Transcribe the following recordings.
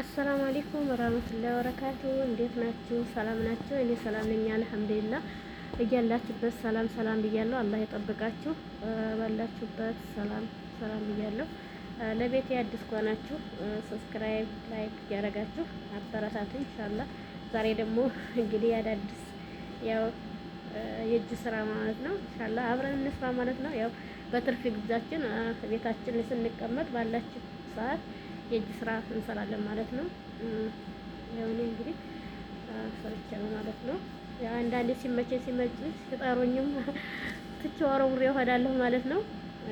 አሰላሙ አለይኩም ወራህመቱላሂ ወበረካቱ። እንዴት ናችሁ? ሰላም ናችሁ? እኔ ሰላም ነኝ አልሐምዱሊላህ። እያላችሁበት ሰላም ሰላም ብያለሁ። አላህ ይጠብቃችሁ። ባላችሁበት ሰላም ሰላም ብያለሁ። ለቤቴ አዲስ ከሆናችሁ ሰብስክራይብ፣ ላይክ እያደረጋችሁ አበረታቱ ኢንሻአላህ። ዛሬ ደግሞ እንግዲህ አዳዲስ ያው የእጅ ስራ ማለት ነው ኢንሻአላህ አብረን እንስራ ማለት ነው። ያው በትርፍ ጊዜያችን ቤታችን ስንቀመጥ ባላችሁ ሰዓት የእጅ ስራ እንሰራለን ማለት ነው። ያው እኔ እንግዲህ ሰርቻለሁ ማለት ነው። አንዳንዴ ሲመቼ ሲመጭ ሲጠሩኝም ትቼው አውሬ እሄዳለሁ ማለት ነው።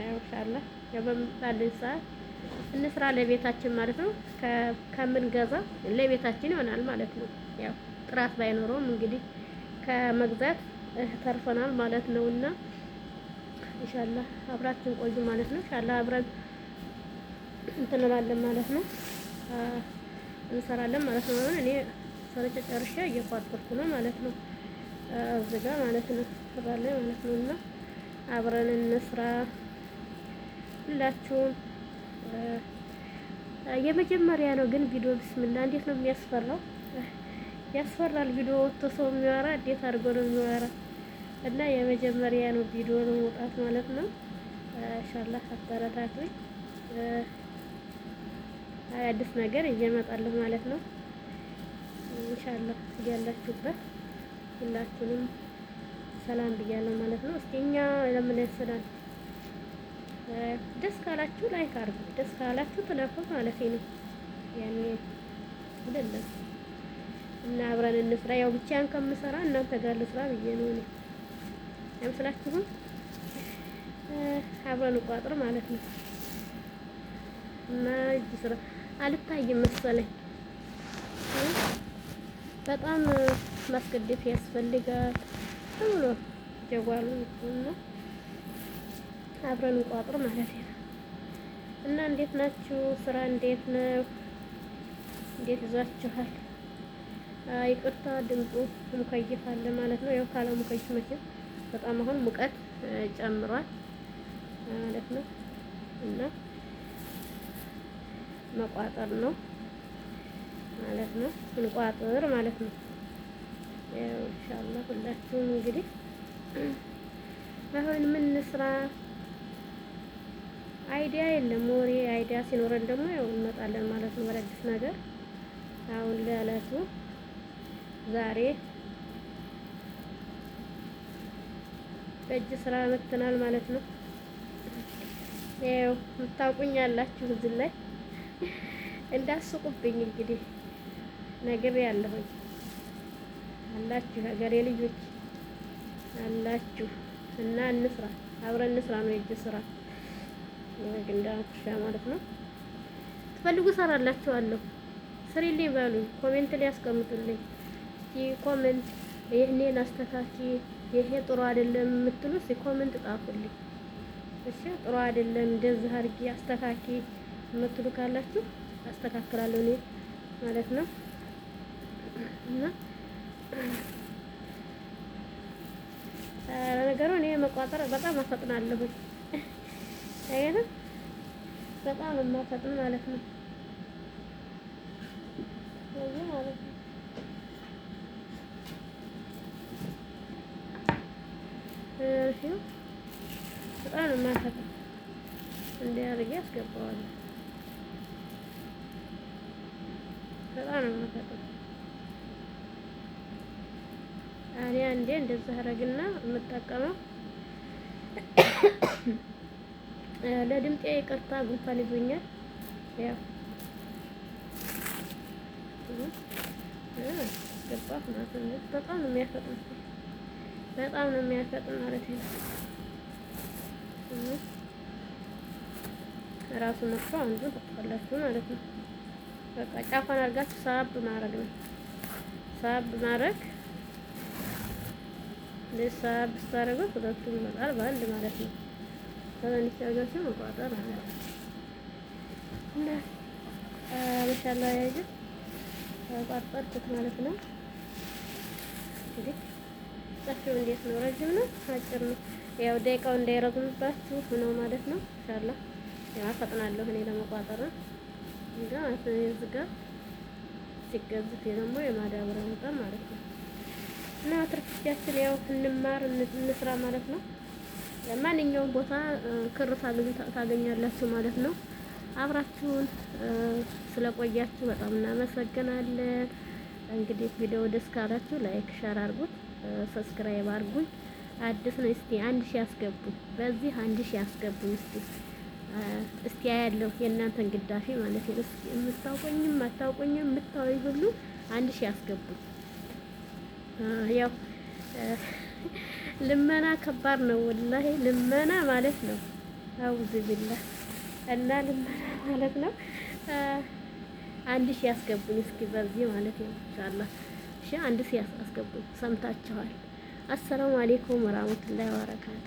ያው ኢንሻአላህ ባለን ሰዓት እንስራ ለቤታችን ማለት ነው። ከምንገዛ ለቤታችን ይሆናል ማለት ነው። ያው ጥራት ባይኖረውም እንግዲህ ከመግዛት ተርፈናል ማለት ነው። እና ኢንሻአላህ አብራችን ቆዩ ማለት ነው። ኢንሻአላህ አብረን እንትንላለን ማለት ነው እንሰራለን ማለት ነው። እኔ ሰርቼ ጨርሼ እየቋጠርኩ ነው ማለት ነው። እዚህ ጋር ማለት ነው ስራለ ማለት ነው። እና አብረን እንስራ ሁላችሁም። የመጀመሪያ ነው ግን ቪዲዮ ብስምላ እንዴት ነው የሚያስፈራው? ያስፈራል። ቪዲዮ ወጥቶ ሰው የሚያወራ እንዴት አድርጎ ነው የሚወራ? እና የመጀመሪያ ነው ቪዲዮ ነው መውጣት ማለት ነው። ኢንሻአላህ አበረታቱኝ። አዲስ ነገር እየመጣለሁ ማለት ነው። ኢንሻአላህ እያላችሁበት ሁላችሁንም ሰላም ብያለሁ ማለት ነው። እስኪ እኛ ለምን ያሰናል ደስ ካላችሁ ላይክ አድርጉ፣ ደስ ካላችሁ ተናፉ ማለት ነው። ያኔ አይደለም እና አብረን እንስራ። ያው ብቻዬን ከምሰራ እናንተ ጋር ልስራ ብዬ ነው ነው አይመስላችሁም? አብረን እንቋጥር ማለት ነው እና እጅ ስራ አልታይም መሰለኝ። በጣም ማስገደፍ ያስፈልጋል ተብሎ ጀጓሉ እና አብረን እንቋጥር ማለት ነው። እና እንዴት ናችሁ? ስራ እንዴት ነው? እንዴት ይዟችኋል? ይቅርታ ድምፁ ሙከይፍ አለ ማለት ነው። ያው ካለ ሙከይፍ መቼም በጣም አሁን ሙቀት ጨምሯል ማለት ነው እና መቋጠር ነው ማለት ነው። ስንቋጥር ማለት ነው። ያው ኢንሻአላህ ሁላችሁም እንግዲህ አሁን ምን ስራ አይዲያ የለም። ወሬ አይዲያ ሲኖረን ደግሞ ያው እንመጣለን ማለት ነው በአዲስ ነገር። አሁን ለዕለቱ ዛሬ በእጅ ስራ መተናል ማለት ነው። ያው የምታውቁኝ ያላችሁ እዚህ ላይ እንዳስቁብኝ እንግዲህ ነግሬ ያለሁኝ አላችሁ ሀገሬ ልጆች አላችሁ እና እንስራ፣ አብረን እንስራ ነው የእጅ ስራ እንዳልኩሽ ማለት ነው። ትፈልጉ ሰራላችኋለሁ። ስሪልኝ በሉኝ፣ ኮሜንት ላይ ያስቀምጡልኝ። እስኪ ኮሜንት ይህኔን አስተካኪ፣ ይሄ ጥሩ አይደለም የምትሉ እስኪ ኮሜንት ጣፉልኝ። እሺ ጥሩ አይደለም እንደዚህ አድርጊ፣ አስተካኪ የምትሉ ካላችሁ አስተካክላለሁ እኔ ማለት ነው እና ለነገሩ እኔ መቋጠር በጣም አፈጥናለሁ። አይደል? በጣም የማፈጥን ማለት ነው ማለት ነው። እሺ፣ በጣም የማፈጥን እንዲህ አድርጌ አስገባዋለሁ። በጣም ነው የምፈጥረው። እኔ አንዴ እንደዛ አደርግና የምጠቀመው ለድምጤ ይቅርታ፣ ጉንፋን ይዞኛል። ያው ገባሁ ማለት ነው። በጣም ነው የሚያፈጥነው፣ በጣም ነው የሚያፈጥን ማለት ነው። ራሱ መጥፎ አንዱ ተቆላችሁ ማለት ነው። በቃ ጫፏን አድርጋችሁ ሳብ ማድረግ ነው። ሳብ ማድረግ ሳብ ስታደርገው ሁለቱም ይመጣል በአንድ ማለት ነው። ከዛንስ ያጋችሁ መቋጠር ማለት ነው። እና ማሻአላ ያይዝ ቋጠርኩት ማለት ነው። እንግዲህ ጻፊው እንዴት ነው? ረጅም ነው? አጭር ነው? ያው ደቂቃው እንዳይረዝምባችሁ ነው ማለት ነው። ኢንሻአላህ ያው ፈጥናለሁ እኔ ለመቋጠር ነው። እዚህ ጋር እዚህ ጋር ደግሞ የማዳበሪያ መጠን ማለት ነው። እና ትርፍቻችን ያው እንማር እንስራ ማለት ነው። ለማንኛውም ቦታ ክር ታገኛላችሁ ማለት ነው። አብራችሁን ስለቆያችሁ በጣም እናመሰግናለን። እንግዲህ ቪዲዮ ደስ ካላችሁ ላይክ፣ ሸር አድርጉት፣ ሰብስክራይብ አድርጉኝ። አዲስ ነው። እስቲ አንድ ሺህ ያስገቡ፣ በዚህ አንድ ሺህ ያስገቡ እስቲ እስቲ ያለው የእናንተን ግዳፊ ማለት ነው። እስቲ የምታውቁኝም አታውቁኝም የምታወይ ሁሉ አንድ ሺህ ያስገቡ። ያው ልመና ከባድ ነው ወላሂ ልመና ማለት ነው። አውዝ ቢላ እና ልመና ማለት ነው። አንድ ሺህ ያስገቡኝ እስኪ በዚህ ማለት ነው ኢንሻአላህ። እሺ አንድ ሺህ ያስገቡኝ። ሰምታችኋል። አሰላሙ አለይኩም ወራህመቱላሂ ወበረካቱ